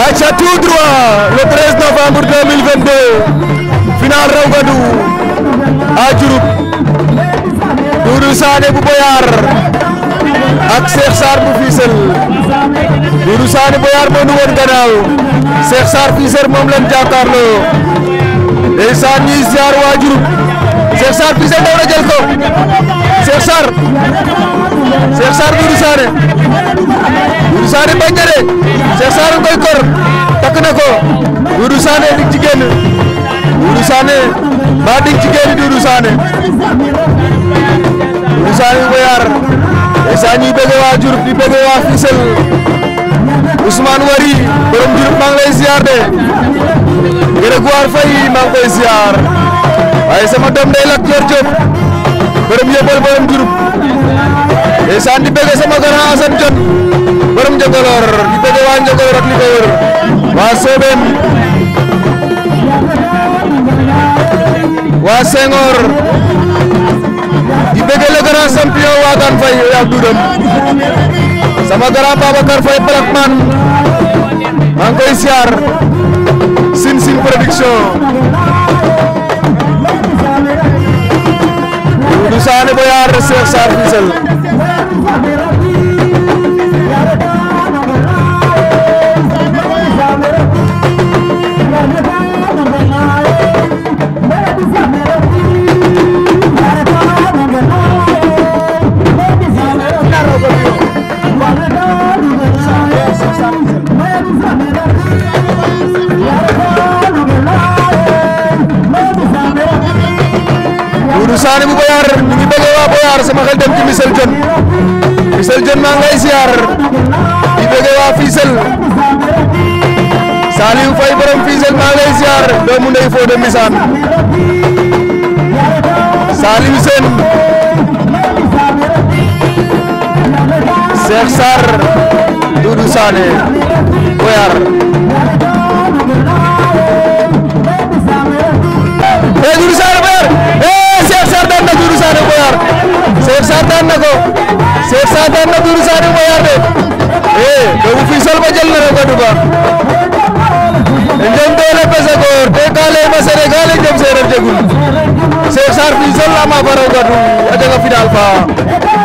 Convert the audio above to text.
aca tout droit le 13 novembre 2022 final Raougadou à Diouroup Doudou Sané bu Boyar ak Cheikh Sarr bu Fissel Doudou Sané Boyar moo nu woon gannaaw Cheikh Sarr Fissel moom lañ jàkkaarloo ndeysaan ñuy ziar waa Diouroup Cheikh Sarr Fissel daw na jël ko Cheikh Sarr Cheikh Sarr Doudou Sané Doudou Sané bañ na de Cheikh kor Doudou Sané dig ci génn Doudou ba dig ci génn Doudou Sané Doudou Sané ko yar e sa ñuy bëgg waa Wari borom Diouroup maa ngi de Grégoire Faye maa ngi koy waaye sama doom day lak Dior Diop borom yëppal borom Diouroup e sa sama grand Assane Diop borom Njogolor di bëgg ak li waa Sobeen waa Senghor di bëgg le grand champion Wagan Faye yow duudam sama grand Babacar Faye Blackman maa ngi koy siyaar Sin Sin production Doudou Sané Boyar Cheikh Sarr Fisel Abdou Sané bu Boyar mi ngi bëgg waa Boyar sama xel dem ci Michel Diène Michel Diène maa ngay siyaar di Cheikh Sarr daan na Doudou Sané mooy aate eh doomu fii sol ba jël na rek ba dugal doole pese góor te kaale ma Sénégal njëm séeréer jegul Cheikh Sarr fii sol la gadu a jaga fa